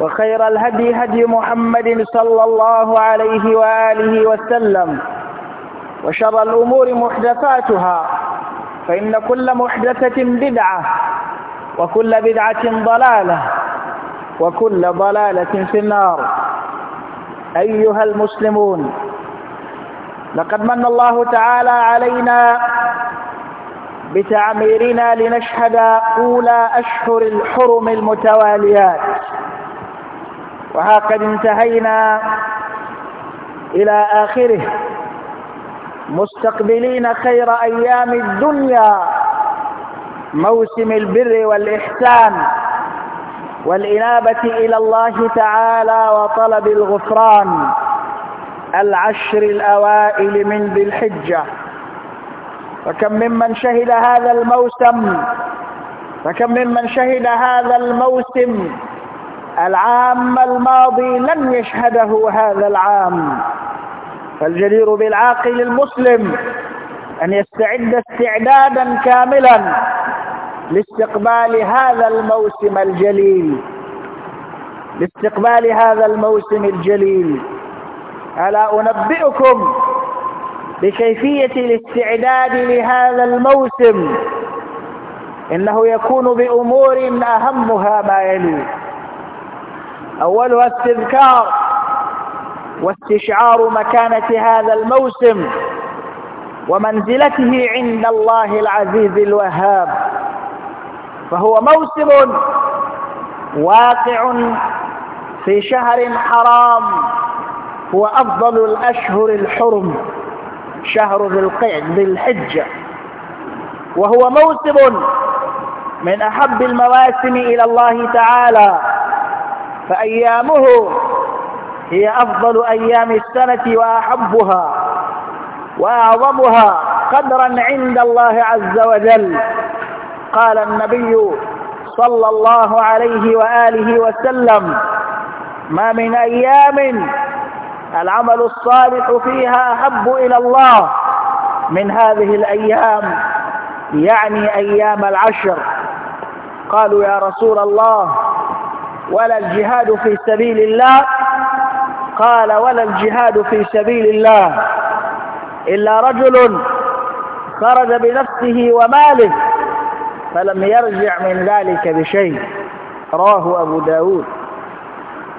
وخير الهدي هدي محمد صلى الله عليه وآله وسلم وشر الأمور محدثاتها فإن كل محدثة بدعة وكل بدعة ضلالة وكل ضلالة في النار أيها المسلمون لقد من الله تعالى علينا بتعميرنا لنشهد أولى أشهر الحرم المتواليات قد انتهينا إلى آخره مستقبلين خير أيام الدنيا موسم البر والإحسان والإنابة إلى الله تعالى وطلب الغفران العشر الأوائل من ذي الحجة وكم ممن شهد هذا الموسم وكم ممن شهد هذا الموسم العام الماضي لم يشهده هذا العام فالجدير بالعاقل المسلم أن يستعد استعدادا كاملا لاستقبال هذا الموسم الجليل لاستقبال هذا الموسم الجليل ألا أنبئكم بكيفية الاستعداد لهذا الموسم إنه يكون بأمور أهمها ما يلي أولها استذكار واستشعار مكانة هذا الموسم ومنزلته عند الله العزيز الوهاب فهو موسم واقع في شهر حرام هو أفضل الأشهر الحرم شهر ذي الحجة وهو موسم من أحب المواسم إلى الله تعالى فأيامه هي أفضل أيام السنة وأحبها وأعظمها قدرا عند الله عز وجل قال النبي صلى الله عليه وآله وسلم ما من أيام العمل الصالح فيها أحب إلى الله من هذه الأيام يعني أيام العشر قالوا يا رسول الله ولا الجهاد في سبيل الله قال ولا الجهاد في سبيل الله إلا رجل خرج بنفسه وماله فلم يرجع من ذلك بشيء رواه أبو داود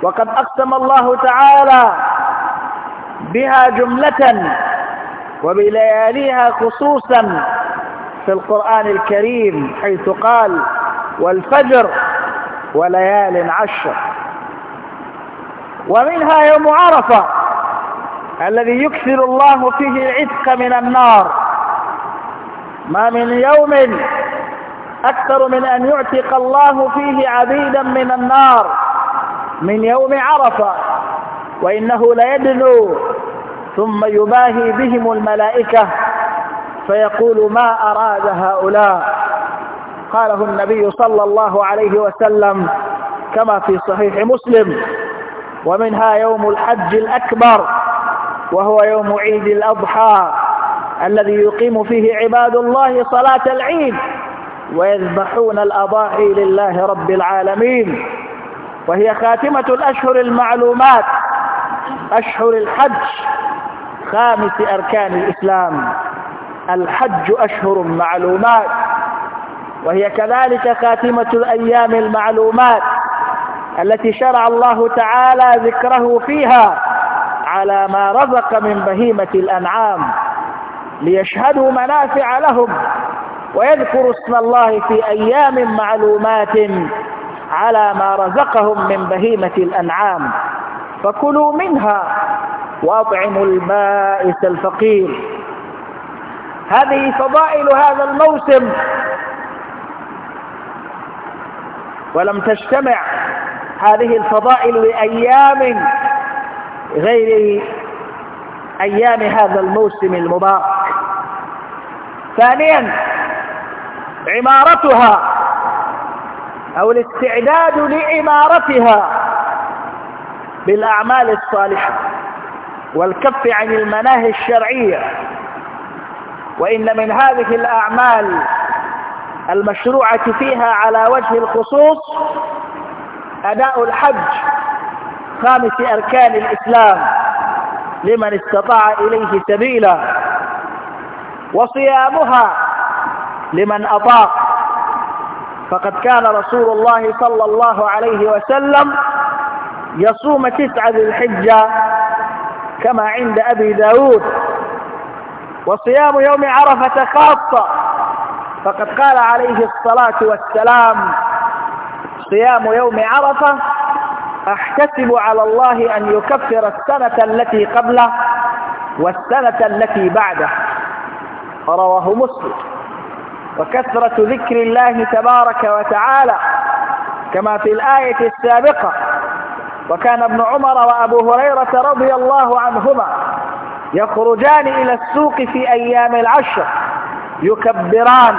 وقد أقسم الله تعالى بها جملة وبلياليها خصوصا في القرآن الكريم حيث قال والفجر وليال عشر ومنها يوم عرفة الذي يكثر الله فيه العتق من النار ما من يوم أكثر من أن يعتق الله فيه عبيدا من النار من يوم عرفة وإنه ليدنو ثم يباهي بهم الملائكة فيقول ما أراد هؤلاء قاله النبي صلى الله عليه وسلم كما في صحيح مسلم ومنها يوم الحج الأكبر وهو يوم عيد الأضحى الذي يقيم فيه عباد الله صلاة العيد ويذبحون الأضاحي لله رب العالمين وهي خاتمة الأشهر المعلومات أشهر الحج خامس أركان الإسلام الحج أشهر معلومات وهي كذلك خاتمة الأيام المعلومات التي شرع الله تعالى ذكره فيها على ما رزق من بهيمة الأنعام ليشهدوا منافع لهم ويذكروا اسم الله في أيام معلومات على ما رزقهم من بهيمة الأنعام فكلوا منها وأطعموا البائس الفقير هذه فضائل هذا الموسم ولم تجتمع هذه الفضائل لأيام غير أيام هذا الموسم المبارك ثانيا عمارتها أو الاستعداد لإمارتها بالأعمال الصالحة والكف عن المناهي الشرعية وإن من هذه الأعمال المشروعة فيها على وجه الخصوص أداء الحج خامس أركان الإسلام لمن استطاع إليه سبيلا وصيامها لمن أطاق فقد كان رسول الله صلى الله عليه وسلم يصوم تسعة ذي الحجة كما عند أبي داود وصيام يوم عرفة خاصة فقد قال عليه الصلاة والسلام صيام يوم عرفة احتسب على الله أن يكفر السنة التي قبله والسنة التي بعده رواه مسلم وكثرة ذكر الله تبارك وتعالى كما في الآية السابقة وكان ابن عمر وأبو هريرة رضي الله عنهما يخرجان إلى السوق في أيام العشر يكبران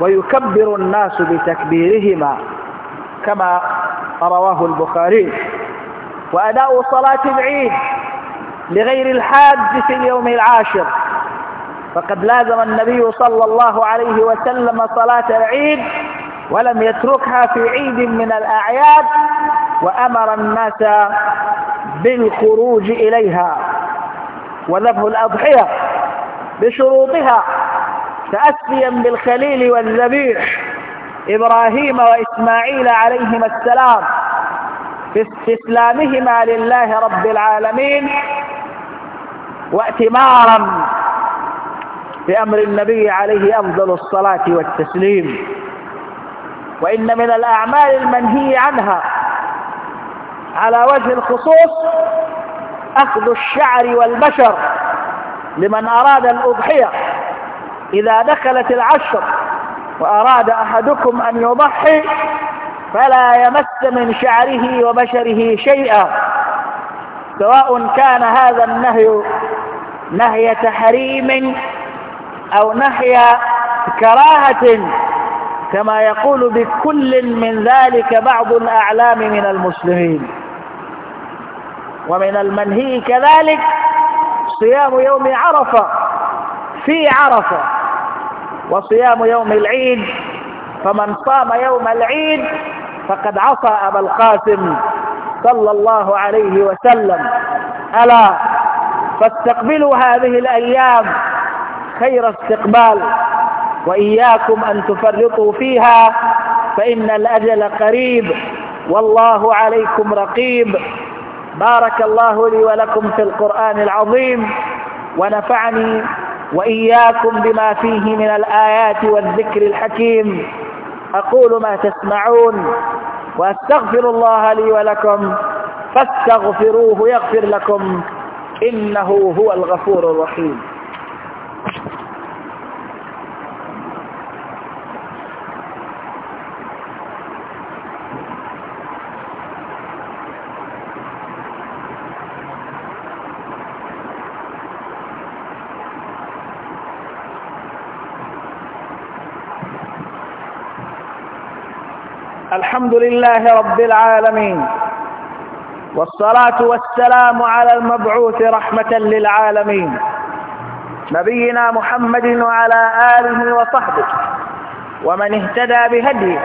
ويكبر الناس بتكبيرهما كما رواه البخاري وأداء صلاة العيد لغير الحاج في اليوم العاشر فقد لازم النبي صلى الله عليه وسلم صلاة العيد ولم يتركها في عيد من الأعياد وأمر الناس بالخروج إليها وذبح الأضحية بشروطها تأسيا بالخليل والذبيح إبراهيم وإسماعيل عليهما السلام في استسلامهما لله رب العالمين واتمارا بأمر النبي عليه أفضل الصلاة والتسليم وإن من الأعمال المنهي عنها على وجه الخصوص أخذ الشعر والبشر لمن أراد الأضحية إذا دخلت العشر وأراد أحدكم أن يضحي فلا يمس من شعره وبشره شيئا سواء كان هذا النهي نهي تحريم أو نهي كراهة كما يقول بكل من ذلك بعض الأعلام من المسلمين ومن المنهي كذلك صيام يوم عرفة في عرفة وصيام يوم العيد فمن صام يوم العيد فقد عصى أبا القاسم صلى الله عليه وسلم ألا فاستقبلوا هذه الأيام خير استقبال وإياكم أن تفرطوا فيها فإن الأجل قريب والله عليكم رقيب بارك الله لي ولكم في القرآن العظيم ونفعني وإياكم بما فيه من الآيات والذكر الحكيم أقول ما تسمعون وأستغفر الله لي ولكم فاستغفروه يغفر لكم إنه هو الغفور الرحيم الحمد لله رب العالمين والصلاة والسلام على المبعوث رحمة للعالمين نبينا محمد وعلى آله وصحبه ومن اهتدى بهديه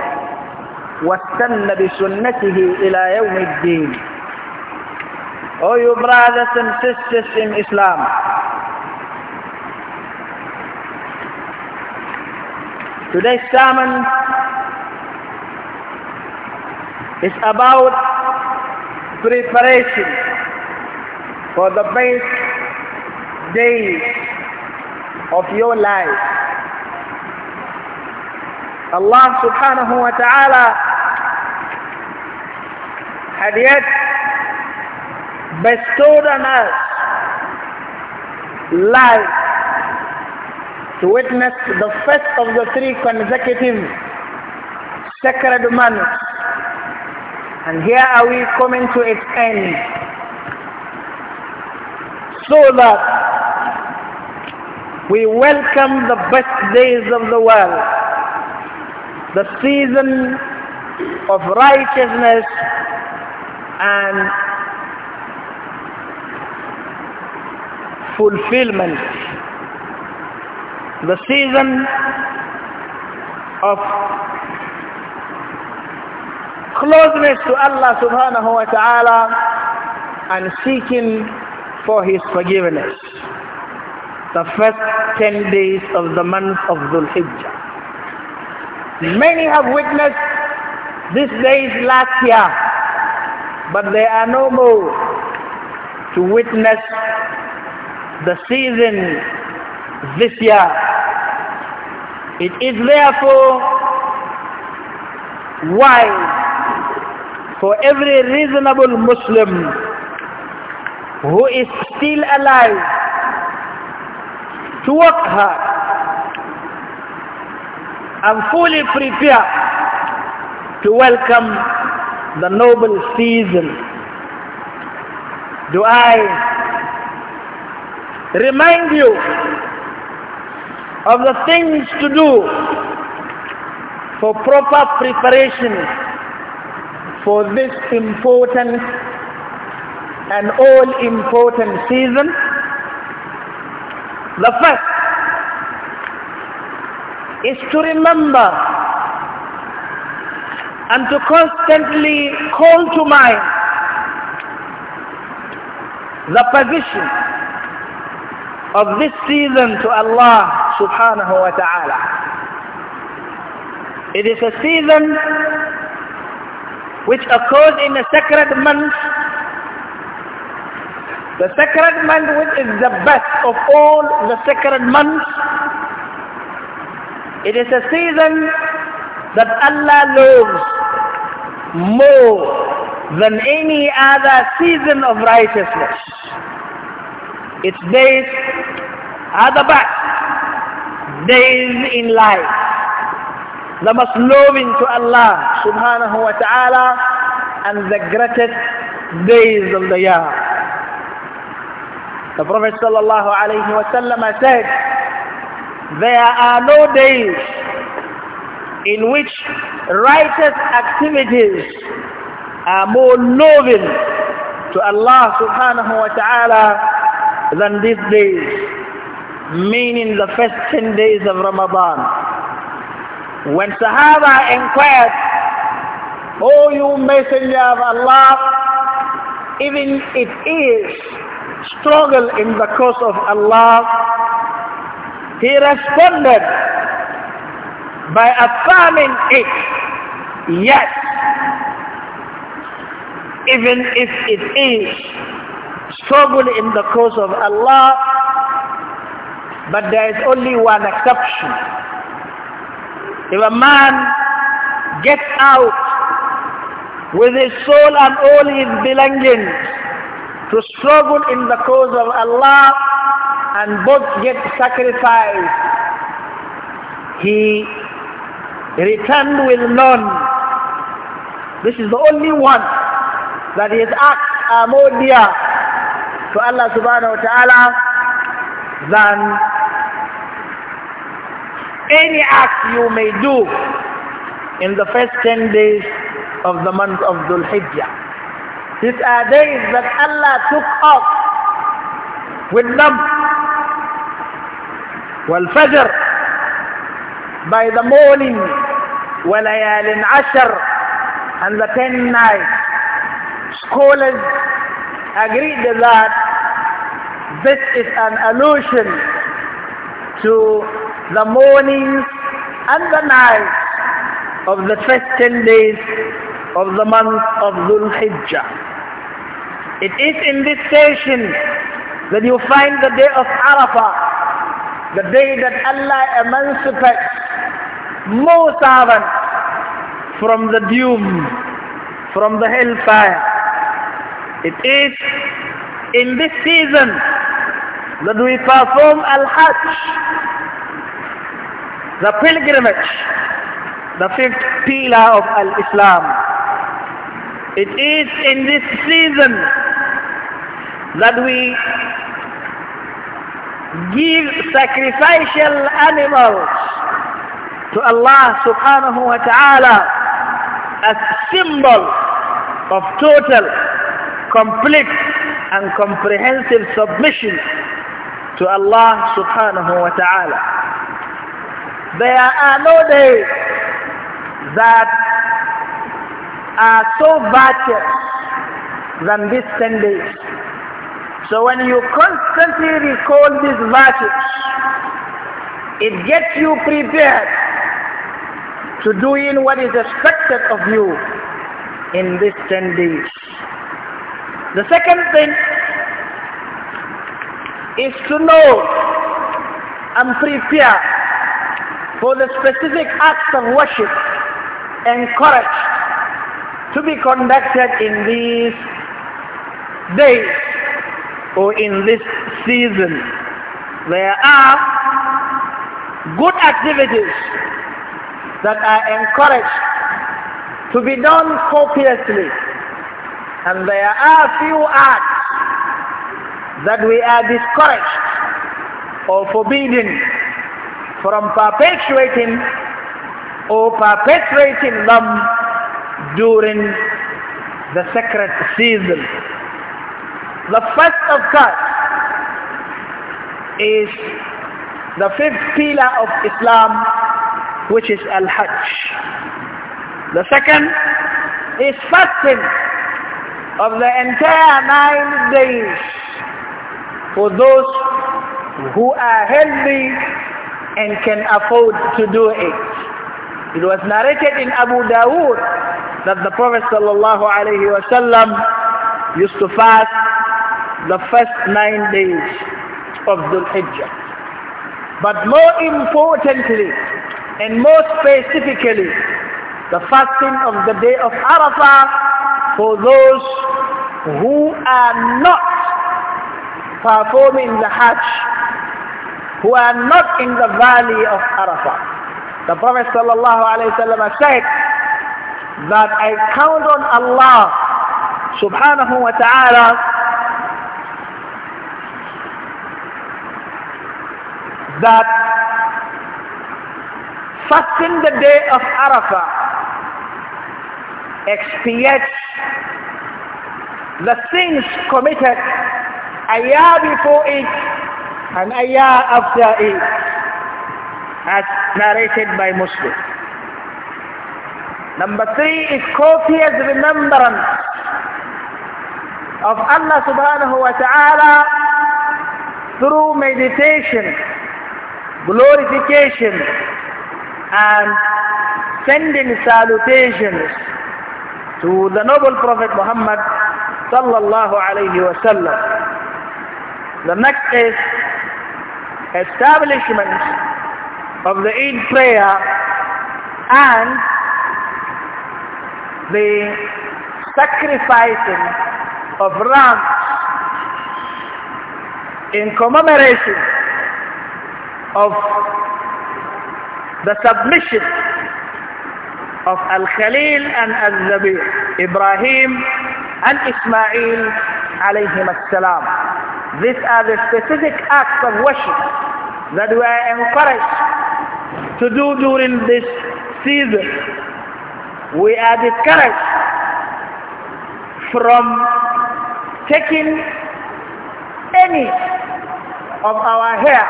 واستنى بسنته إلى يوم الدين Oh you brothers and sisters in Islam Today's sermon It's about preparation for the best days of your life. Allah subhanahu wa ta'ala had yet bestowed on us life to witness the first of the three consecutive sacred months and here are we coming to its end. So that we welcome the best days of the world, the season of righteousness and fulfillment, the season of closeness to Allah subhanahu wa ta'ala and seeking for his forgiveness. The first 10 days of the month of Dhul Hijjah. Many have witnessed these days last year, but there are no more to witness the season this year. It is therefore wise for every reasonable Muslim who is still alive to work hard and fully prepare to welcome the noble season. Do I remind you of the things to do for proper preparation for this important and all important season. The first is to remember and to constantly call to mind the position of this season to Allah subhanahu wa ta'ala. It is a season which occurs in the sacred month. The sacred month which is the best of all the sacred months. It is a season that Allah loves more than any other season of righteousness. Its days are the best days in life the most loving to Allah subhanahu wa ta'ala and the greatest days of the year. The Prophet sallallahu alayhi wa sallam said, there are no days in which righteous activities are more loving to Allah subhanahu wa ta'ala than these days, meaning the first 10 days of Ramadan. When Sahaba inquired, O oh, you messenger of Allah, even it is struggle in the cause of Allah, he responded by affirming it, yes, even if it is struggle in the cause of Allah, but there is only one exception. If a man gets out with his soul and all his belongings to struggle in the cause of Allah and both get sacrificed, he returned with none. This is the only one that is his acts more dear to Allah subhanahu wa ta'ala than any act you may do in the first 10 days of the month of Dhul Hijjah. These are days that Allah took off with them. Fajr by the morning وليال عشر and the ten nights scholars agree that this is an allusion to the mornings and the nights of the first 10 days of the month of Dhul Hijjah. It is in this station that you find the day of Arafah, the day that Allah emancipates more from the doom, from the hellfire. It is in this season that we perform Al-Hajj, the pilgrimage, the fifth pillar of Al-Islam. It is in this season that we give sacrificial animals to Allah subhanahu wa ta'ala as symbol of total, complete and comprehensive submission to Allah subhanahu wa ta'ala. There are no days that are so virtuous than these 10 days. So when you constantly recall these virtues, it gets you prepared to doing what is expected of you in these 10 days. The second thing is to know and prepare for the specific acts of worship encouraged to be conducted in these days or in this season. There are good activities that are encouraged to be done copiously and there are few acts that we are discouraged or forbidden from perpetuating or perpetrating them during the sacred season. The first of that is the fifth pillar of Islam which is Al-Hajj. The second is fasting of the entire nine days for those who are healthy and can afford to do it. It was narrated in Abu Dawood that the Prophet sallallahu alaihi wasallam used to fast the first nine days of Dhul Hijjah. But more importantly and more specifically, the fasting of the day of Arafah for those who are not performing the Hajj who are not in the valley of Arafah. The Prophet ﷺ said that I count on Allah subhanahu wa ta'ala that fasting the day of Arafah expiates the sins committed a year before it and Ayyah E, as narrated by Muslim. Number three is copious remembrance of Allah subhanahu wa ta'ala through meditation, glorification, and sending salutations to the noble Prophet Muhammad sallallahu alayhi wa sallam. The next is establishment of the Eid prayer and the sacrificing of rams in commemoration of the submission of Al-Khalil and Al-Zabir, Ibrahim and Ismail alayhim as-salam. These are the specific acts of worship that we are encouraged to do during this season. We are discouraged from taking any of our hair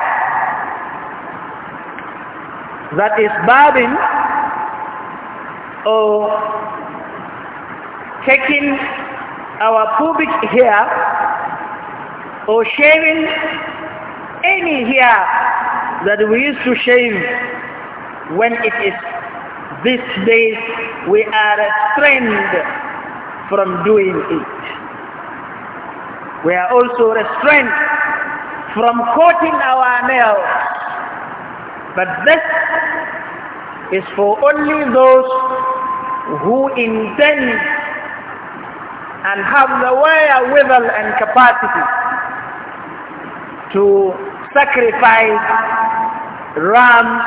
that is balding, or taking our pubic hair or shaving any hair that we used to shave when it is this days we are restrained from doing it. We are also restrained from coating our nails. But this is for only those who intend and have the wherewithal and capacity to sacrifice rams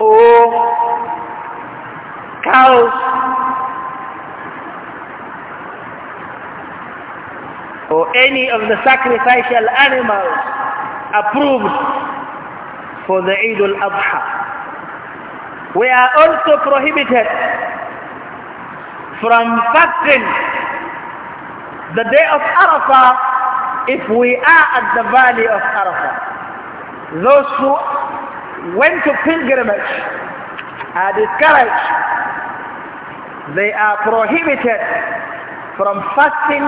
or cows or any of the sacrificial animals approved for the Eid al-Adha. We are also prohibited from fasting the day of Arafah if we are at the valley of Arafah, those who went to pilgrimage are discouraged. They are prohibited from fasting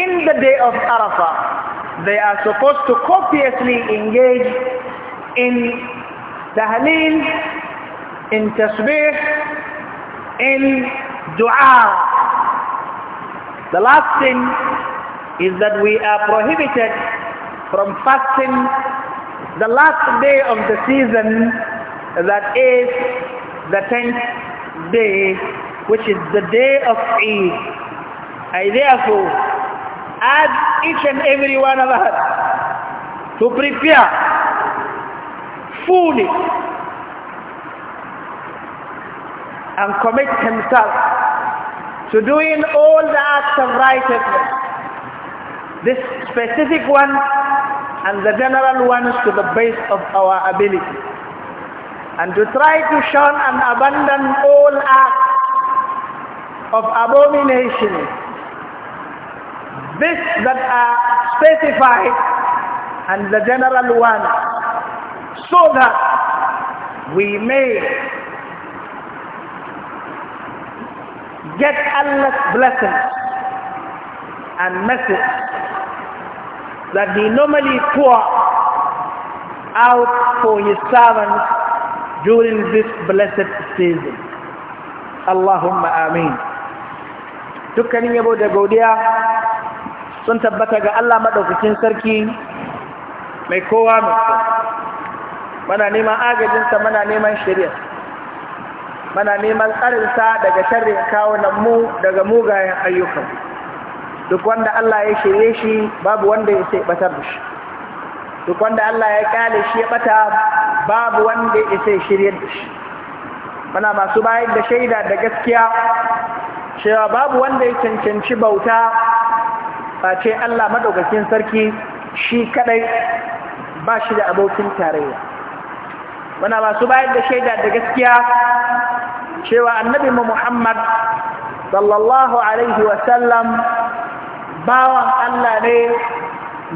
in the day of Arafah. They are supposed to copiously engage in tahleel, in tasbih, in dua. The last thing is that we are prohibited from fasting the last day of the season that is the 10th day which is the day of Eid. I therefore ask each and every one of us to prepare fully and commit himself to doing all the acts of righteousness this specific one and the general ones to the best of our ability. And to try to shun and abandon all acts of abomination. This that are specified and the general ones so that we may get Allah's blessings and message that he normally pour out for his servants during this blessed season. Allahumma amin. Dukkanin yabo da godiya sun tabbata ga Allah maɗaukacin sarki mai kowa mai kowa. Mana neman agajinsa, mana neman shirya. Mana neman tsarinsa daga sharrin kawo mu daga mugayen ayyukan. duk wanda Allah ya shirye shi babu wanda ya sai batar da shi duk wanda Allah ya kyale shi ya bata babu wanda ya sai shirye da shi muna masu bayar da shaida da gaskiya cewa babu wanda ya cancanci bauta ba ce Allah madaukakin sarki shi kadai ba shi da abokin tarayya muna masu bayar da shaida da gaskiya cewa annabi mu Muhammad sallallahu alaihi wa sallam. bawan Allah ne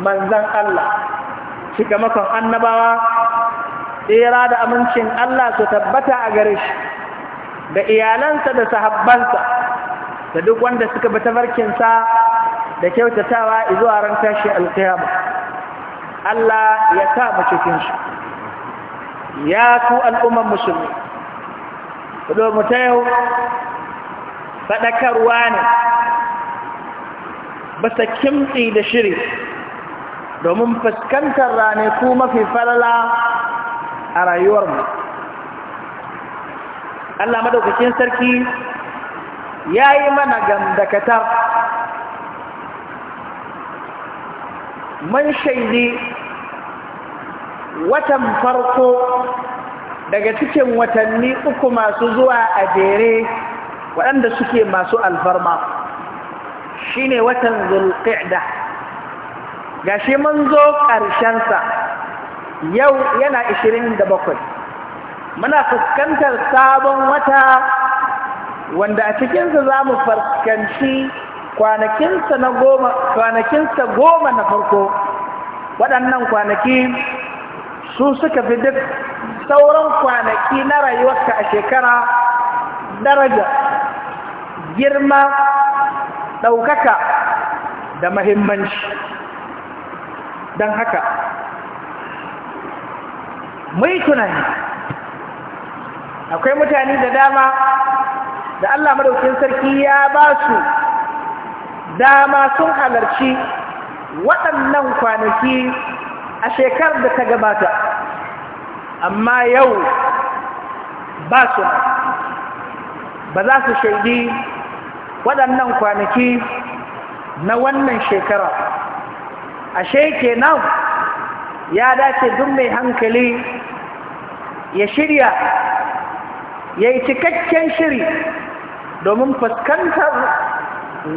manzan Allah shugamakon annabawa tsira da amincin Allah su tabbata a gare shi da iyalansa da sahabbansa da duk wanda suka bi barkinsa da kyautatawa zuwa ran tashi alkiyama Allah ya sa mu cikin shi ya ku al'umman musulmi ku mu ta yau faɗakarwa ne ba ta kimtsi da shiri domin fuskantar ranaku mafi falala a rayuwarmu Allah madaukakin sarki ya yi mana gamdakatar man shaidi watan farko daga cikin watanni uku masu zuwa a jere waɗanda suke masu alfarma shine watan zulqa'da gashi mun zo ƙarshen sa yau yana 27 muna fuskantar sabon wata wanda a cikinsa sa zamu fuskanci kwanakin goma na farko waɗannan kwanaki su suka fi duk sauran kwanaki na rayuwarka a shekara daraja girma ɗaukaka da mahimmanci don haka mai tunani akwai mutane da dama da Allah madaukin sarki ya ba su dama sun halarci waɗannan kwanaki a shekarar da ta gabata amma yau ba su ba za su shaidi waɗannan kwanaki na wannan shekara ashe nan ya dace duk mai hankali ya shirya ya yi cikakken shiri domin fuskantar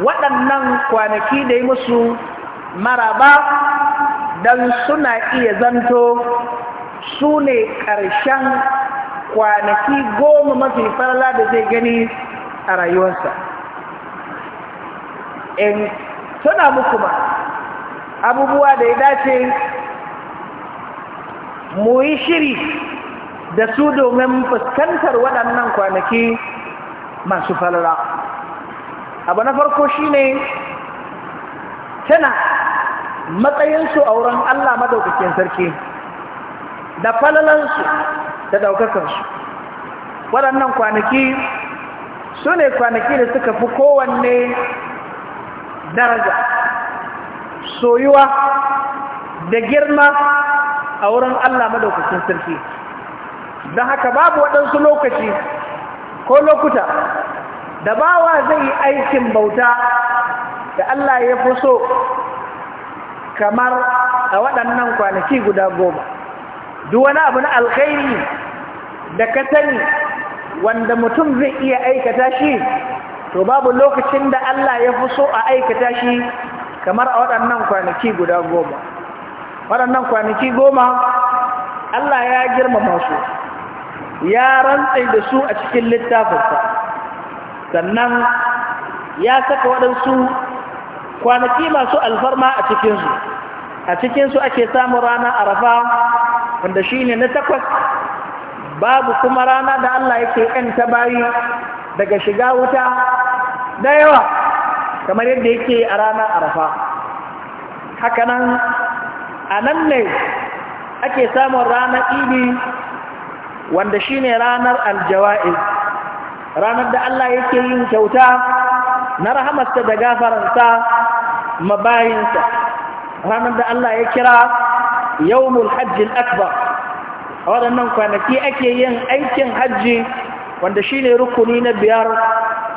waɗannan kwanaki da yi musu maraba don suna iya zanto su ne ƙarshen kwanaki goma mafi farla da zai gani a rayuwarsa in tuna muku ba abubuwa da ya dace mu yi shiri da su domin fuskantar waɗannan kwanaki masu falala abu na farko shi ne tana matsayinsu a wurin Allah madaukakin sarki da falalansu da ɗaukakansu waɗannan kwanaki su ne kwanaki da suka fi kowanne daraja soyuwa da girma a wurin Allah madaukakin sarki don haka babu waɗansu lokaci ko lokuta da bawa zai yi aikin bauta da Allah ya fi so kamar a waɗannan kwanaki guda goma duk wani abu na alkhairi da katani wanda mutum zai iya aikata shi to babu lokacin da Allah ya fi so a aikata shi kamar a waɗannan kwanaki guda goma waɗannan kwanaki goma Allah ya girmama su ya rantsai da su a cikin littafinsa sannan ya saka waɗansu kwanaki masu alfarma a cikinsu a cikinsu ake samun rana arafa wanda shi ne na takwas babu kuma rana da Allah yake ƙanta bayi daga shiga wuta da yawa kamar yadda yake a ranar arafa hakanan a nan ne ake samun ranar idi wanda shine ranar aljawa'iz ranar da Allah yake yin kyauta na rahamarsa da gafaransa mabayinsa ranar da Allah ya kira yawmul hajjil akbar a waɗannan kwanaki ake yin aikin hajji wanda shine rukuni na biyar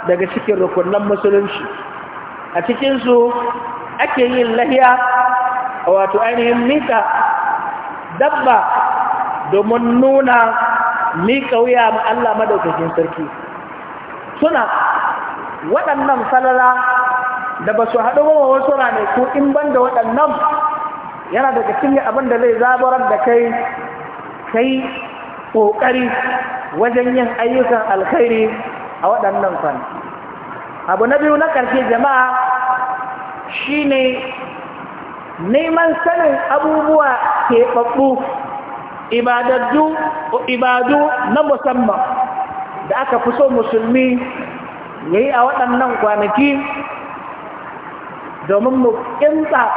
daga cikin rukunan musulunci a cikinsu ake yin lahiya wato ainihin mika dabba domin nuna mika wuya ma Allah madaukakin sarki suna waɗannan falala da ba su haɗu wa wasu ko in ban da waɗannan yana daga cinye abin da zai zabarar da kai kai ƙoƙari wajen yin ayyukan alkhairi a waɗannan kwanaki abu na biyu na ƙarfi jama'a shine neman sanin abubuwa keɓaɓɓu ibadu na musamman da aka fi so musulmi ya yi a waɗannan kwanaki domin mu ƙinta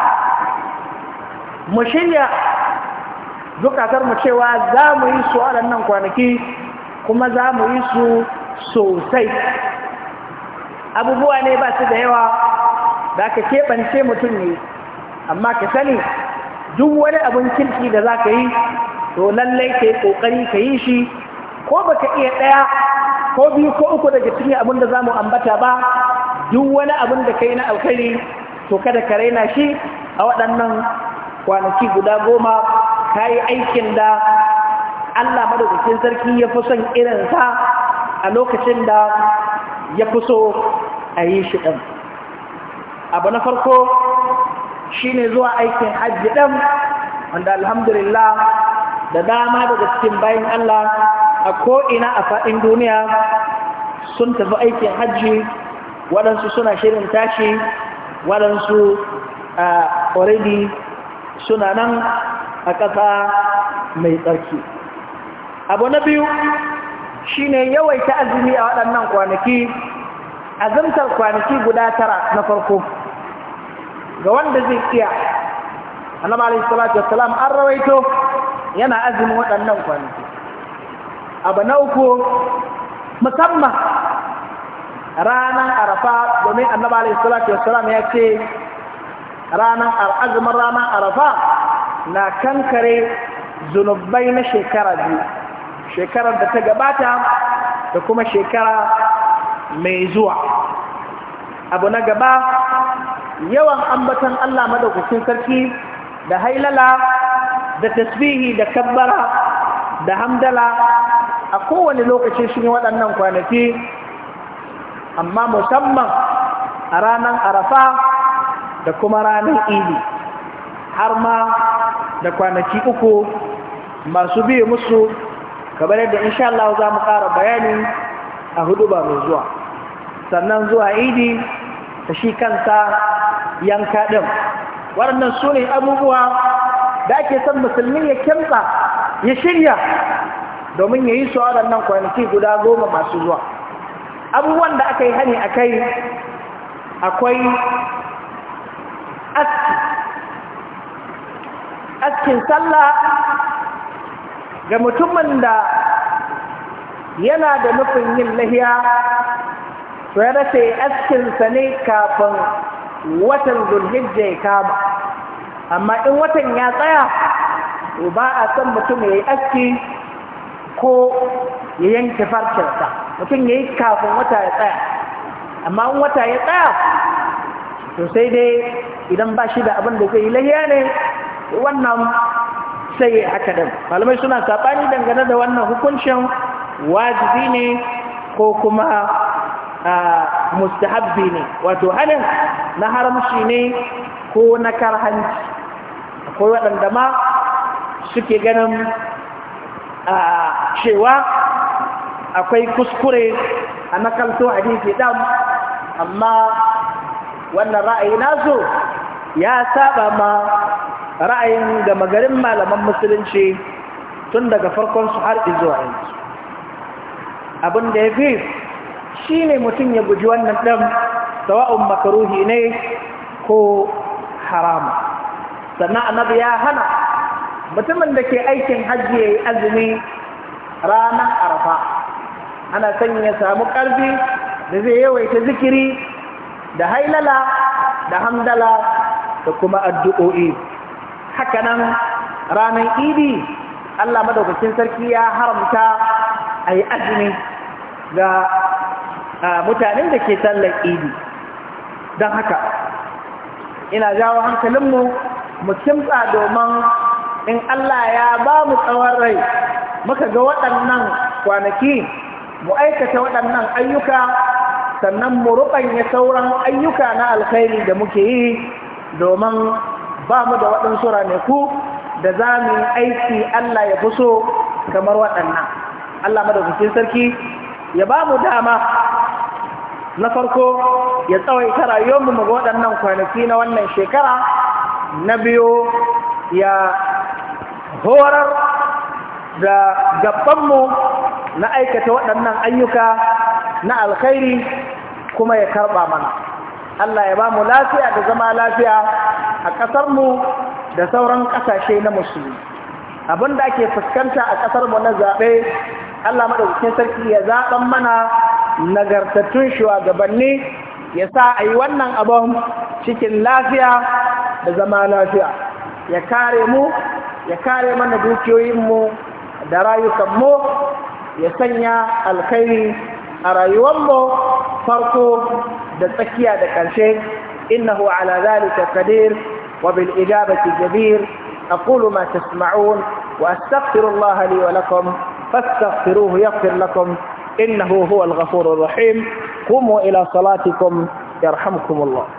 mu shirya zukatar mu cewa za mu yi su waɗannan kwanaki kuma za mu yi su sosai abubuwa ne ba su da yawa da ka keɓance mutum ne amma ka sani duk wani abin kirki da za ka yi to lallai ka yi ƙoƙari ka yi shi ko ba ka iya ɗaya ko biyu ko uku daga cikin abin da za mu ambata ba duk wani abin da ka yi na alkali to kada ka raina shi a waɗannan kwanaki guda goma ka yi aikin da Allah madaukakin sarki ya fi son irinsa a lokacin da ya fi so a yi shi ɗan. abu na farko shi ne zuwa aikin hajji ɗan, wanda alhamdulillah da dama daga cikin bayan Allah a ko'ina a faɗin duniya sun tafi aikin hajji waɗansu suna shirin tashi waɗansu a already suna nan a ƙasa mai tsarki abu na biyu shine yawaita azumi a waɗannan kwanaki azumtar kwanaki guda tara na farko ga wanda zai iya annabi alaihi salatu an rawaito yana azumin waɗannan kwanaki abu na uku musamman ranar arafa domin annabi alaihi salatu ya ce ranar azumin ranar arafa na kankare zunubai na shekara biyu shekarar da ta gabata da kuma shekara mai zuwa abu na gaba yawan ambatan Allah madaukakin sarki da hailala da tasbihi da kabbara da hamdala a kowane lokaci shi ne waɗannan kwanaki amma musamman a ranar arafa da kuma ranar ili har ma da kwanaki uku masu biyu musu kamar yadda insha Allah za mu ƙara bayani a huduba mai zuwa sannan zuwa idi da shi kansa yanka ɗin waɗannan su ne abubuwa da ake son musulmi ya kimsa ya shirya domin ya yi su waɗannan kwanaki guda goma masu zuwa abubuwan da aka yi hani a kai akwai askin sallah ga mutumin da yana da nufin yin lahiya to ya rasa askinsa ne kafin watan zulhijja ya kama amma in watan ya tsaya to ba a san mutum ya yi aski ko ya yanke farcinsa mutum ya yi kafin wata ya tsaya amma in wata ya tsaya to sai dai idan ba shi da abin da zai yi lahiya ne wannan sai haka ɗin malamai suna saɓani dangane da wannan hukuncin wajibi ne ko kuma mustahabbi ne wato halin na haramci ne ko na karhanci akwai waɗanda ma suke ganin cewa akwai kuskure a a dike ɗan amma wannan ra'ayi nasu ya saba ma ra'ayin gama garin malaman musulunci tun daga farkonsu har izuwa yanzu abin da ya fi shi ne mutum ya guji wannan ɗan sawa'un makaruhi ne ko harama. sannan annabi ya hana mutumin da ke aikin hajji ya yi azumi ranar arafa ana sanya ya samu ƙarfi da zai yawaita zikiri da hailala da hamdala da kuma addu'o'i haka nan ranar idi Allah madaukakin sarki ya haramta a yi azumi ga mutanen da ke sallar idi don haka ina jawo hankalinmu mu kimtsa domin in Allah ya ba mu tsawon rai muka ga waɗannan kwanaki mu aikata waɗannan ayyuka sannan mu ruɓanya sauran ayyuka na alkhairi da muke yi domin ba mu da waɗansu ranaku da za mu yi aiki Allah ya fi so kamar waɗannan Allah madaukakin sarki ya ba mu dama na farko ya tsawaita rayuwarmu mu ga waɗannan kwanaki na wannan shekara na biyu ya horar da gabanmu na aikata waɗannan ayyuka na alkhairi kuma ya karɓa mana Allah ya ba mu lafiya da zama lafiya a ƙasarmu da sauran ƙasashe na musulmi abin da ake fuskanta a mu na zaɓe Allah maɗaukakin sarki ya zaɓan mana nagartattun shugabanni ya sa a yi wannan abin cikin lafiya da zama lafiya ya kare mu ya kare mana dukiyoyinmu da rayukanmu ya sanya alkhairi a rayuwanmu farko da tsakiya da ƙarshe innahu ala zalika qadir wa bil ijabati jabir aqulu ma tasma'un wa astaghfirullaha li wa lakum fastaghfiruhu yaghfir lakum innahu huwal ghafurur rahim qumu ila salatikum yarhamkumullah